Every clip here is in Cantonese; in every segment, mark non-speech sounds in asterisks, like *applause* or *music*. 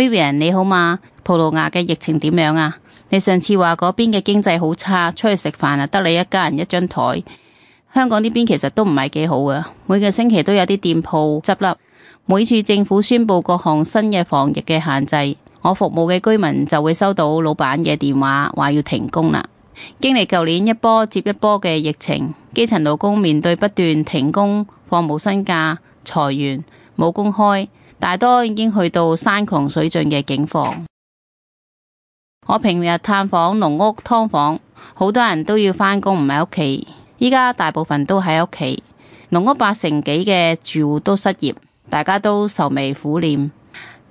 Vivian, 你好嘛？葡萄牙嘅疫情點樣啊？你上次話嗰邊嘅經濟好差，出去食飯啊得你一家人一張台。香港呢邊其實都唔係幾好嘅，每個星期都有啲店鋪執笠。每次政府宣布各項新嘅防疫嘅限制，我服務嘅居民就會收到老闆嘅電話，話要停工啦。經歷舊年一波接一波嘅疫情，基層勞工面對不斷停工、放冇薪假、裁員、冇工開。大多已經去到山窮水盡嘅境況。我平日探訪籠屋、劏房，好多人都要返工唔喺屋企。依家大部分都喺屋企，籠屋八成幾嘅住戶都失業，大家都愁眉苦臉。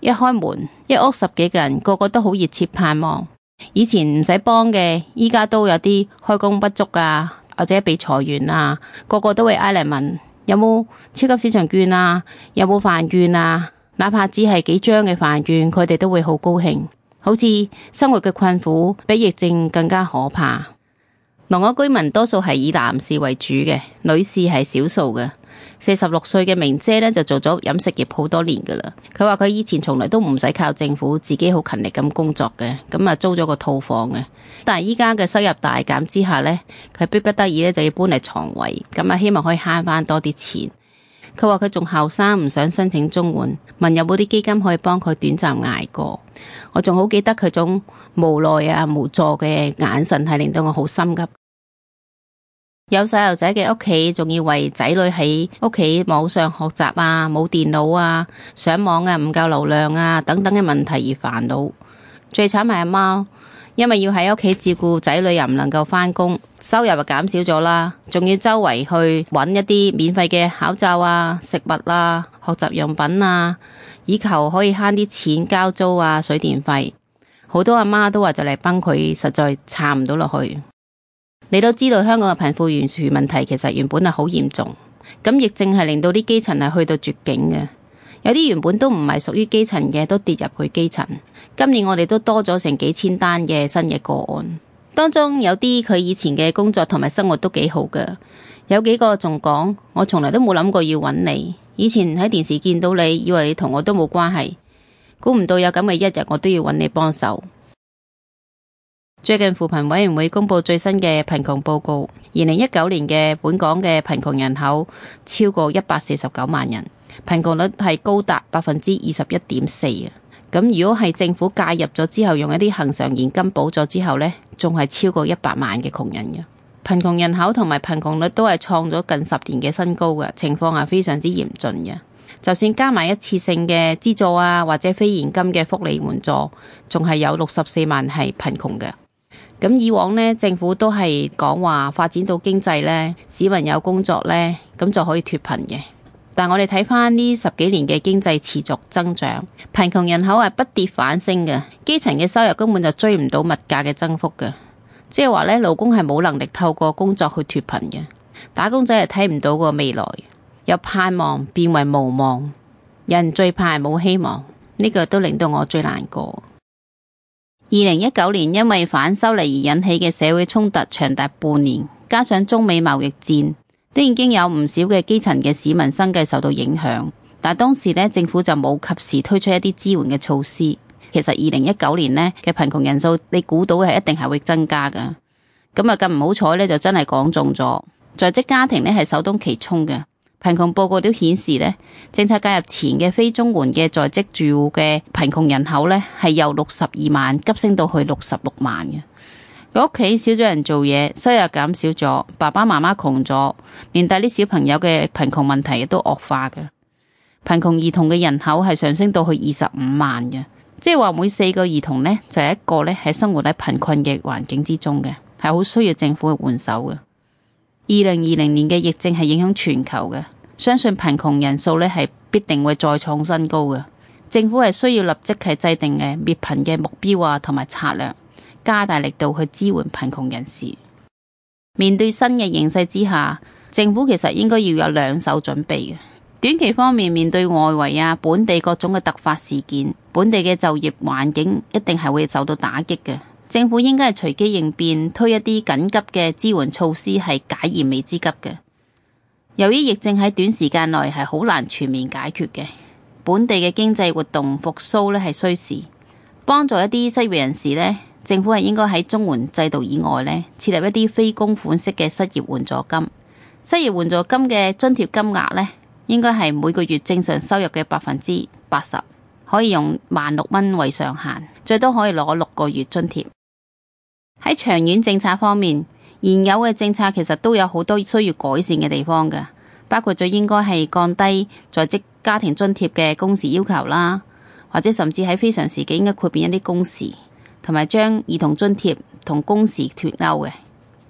一開門，一屋十幾個人，個個都好熱切盼望。以前唔使幫嘅，依家都有啲開工不足啊，或者被裁員啊，個個都會挨嚟問有冇超級市場券啊，有冇飯券啊。哪怕只係幾張嘅飯券，佢哋都會好高興，好似生活嘅困苦比疫症更加可怕。籠屋居民多數係以男士為主嘅，女士係少數嘅。四十六歲嘅明姐呢，就做咗飲食業好多年噶啦。佢話佢以前從來都唔使靠政府，自己好勤力咁工作嘅。咁啊租咗個套房嘅，但係依家嘅收入大減之下呢，佢逼不得已咧就要搬嚟床位，咁啊希望可以慳翻多啲錢。佢話：佢仲後生，唔想申請綜援。問有冇啲基金可以幫佢短暫捱過。我仲好記得佢種無奈啊、無助嘅眼神，係令到我好心急。 *noise* 有細路仔嘅屋企，仲要為仔女喺屋企網上學習啊、冇電腦啊、上網啊、唔夠流量啊等等嘅問題而煩惱。最慘係阿媽。因為要喺屋企照顧仔女，又唔能夠返工，收入就減少咗啦，仲要周圍去揾一啲免費嘅口罩啊、食物啊、學習用品啊，以求可以慳啲錢交租啊、水電費。好多阿媽都話就嚟崩潰，實在撐唔到落去。你都知道香港嘅貧富懸殊問題，其實原本係好嚴重，咁亦正係令到啲基層係去到絕境嘅。有啲原本都唔係屬於基層嘅，都跌入去基層。今年我哋都多咗成幾千單嘅新嘅個案，當中有啲佢以前嘅工作同埋生活都幾好嘅。有幾個仲講，我從來都冇諗過要揾你以前喺電視見到你，以為你同我都冇關係，估唔到有咁嘅一日，我都要揾你幫手。最近扶貧委員會公布最新嘅貧窮報告，二零一九年嘅本港嘅貧窮人口超過一百四十九萬人。貧窮率係高達百分之二十一點四啊！咁如果係政府介入咗之後，用一啲恒常現金補助之後呢，仲係超過一百萬嘅窮人嘅貧窮人口同埋貧窮率都係創咗近十年嘅新高，嘅情況係非常之嚴峻嘅。就算加埋一次性嘅資助啊，或者非現金嘅福利援助，仲係有六十四萬係貧窮嘅。咁以往呢，政府都係講話發展到經濟呢，市民有工作呢，咁就可以脫貧嘅。但我哋睇返呢十幾年嘅經濟持續增長，貧窮人口係不跌反升嘅，基層嘅收入根本就追唔到物價嘅增幅嘅，即係話呢，勞工係冇能力透過工作去脱貧嘅，打工仔係睇唔到個未來，由盼望變為無望，人最怕係冇希望，呢個都令到我最難過。二零一九年因為反修例而引起嘅社會衝突長達半年，加上中美貿易戰。都已經有唔少嘅基層嘅市民生計受到影響，但係當時咧政府就冇及時推出一啲支援嘅措施。其實二零一九年咧嘅貧窮人數，你估到係一定係會增加噶。咁啊，咁唔好彩呢就真係講中咗，在職家庭咧係首當其衝嘅。貧窮報告都顯示呢政策介入前嘅非綜援嘅在職住戶嘅貧窮人口呢，係由六十二萬急升到去六十六萬嘅。個屋企少咗人做嘢，收入減少咗，爸爸媽媽窮咗，連帶啲小朋友嘅貧窮問題亦都惡化嘅。貧窮兒童嘅人口係上升到去二十五萬嘅，即係話每四個兒童咧就係、是、一個咧喺生活喺貧困嘅環境之中嘅，係好需要政府去援手嘅。二零二零年嘅疫症係影響全球嘅，相信貧窮人數咧係必定會再創新高嘅，政府係需要立即係制定嘅滅貧嘅目標啊同埋策略。加大力度去支援貧窮人士。面對新嘅形勢之下，政府其實應該要有兩手準備嘅。短期方面，面對外圍啊、本地各種嘅突發事件，本地嘅就業環境一定係會受到打擊嘅。政府應該係隨機應變，推一啲緊急嘅支援措施，係解燃眉之急嘅。由於疫症喺短時間內係好難全面解決嘅，本地嘅經濟活動復蘇呢係需時，幫助一啲失業人士呢。政府係應該喺綜援制度以外呢，設立一啲非公款式嘅失業援助金。失業援助金嘅津貼金額呢，應該係每個月正常收入嘅百分之八十，可以用萬六蚊為上限，最多可以攞六個月津貼。喺長遠政策方面，現有嘅政策其實都有好多需要改善嘅地方嘅，包括最應該係降低在職家庭津貼嘅工時要求啦，或者甚至喺非常時期應該豁免一啲工時。同埋將兒童津貼同工時脫鈎嘅。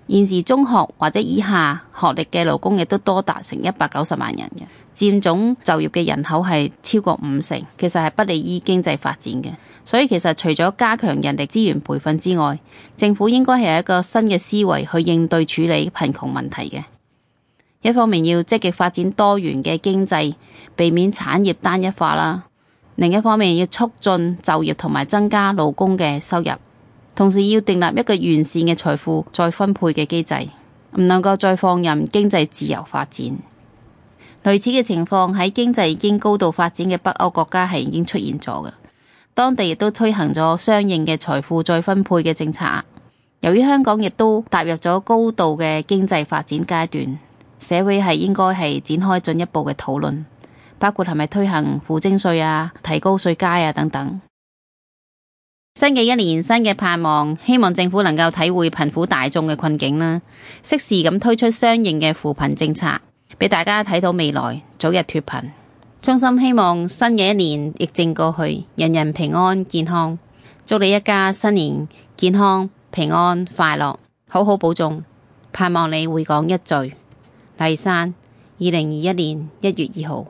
現時中學或者以下學歷嘅勞工亦都多達成一百九十萬人嘅，佔總就業嘅人口係超過五成，其實係不利於經濟發展嘅。所以其實除咗加強人力資源培訓之外，政府應該係有一個新嘅思維去應對處理貧窮問題嘅。一方面要積極發展多元嘅經濟，避免產業單一化啦。另一方面，要促進就業同埋增加勞工嘅收入，同時要訂立一個完善嘅財富再分配嘅機制，唔能夠再放任經濟自由發展。類似嘅情況喺經濟已經高度發展嘅北歐國家係已經出現咗嘅，當地亦都推行咗相應嘅財富再分配嘅政策。由於香港亦都踏入咗高度嘅經濟發展階段，社會係應該係展開進一步嘅討論。包括係咪推行負徵稅啊，提高稅階啊，等等。新嘅一年，新嘅盼望，希望政府能夠體會貧苦大眾嘅困境啦，適時咁推出相應嘅扶貧政策，俾大家睇到未來早日脫貧。衷心希望新嘅一年疫症過去，人人平安健康。祝你一家新年健康平安快樂，好好保重。盼望你回港一聚。麗珊，二零二一年一月二號。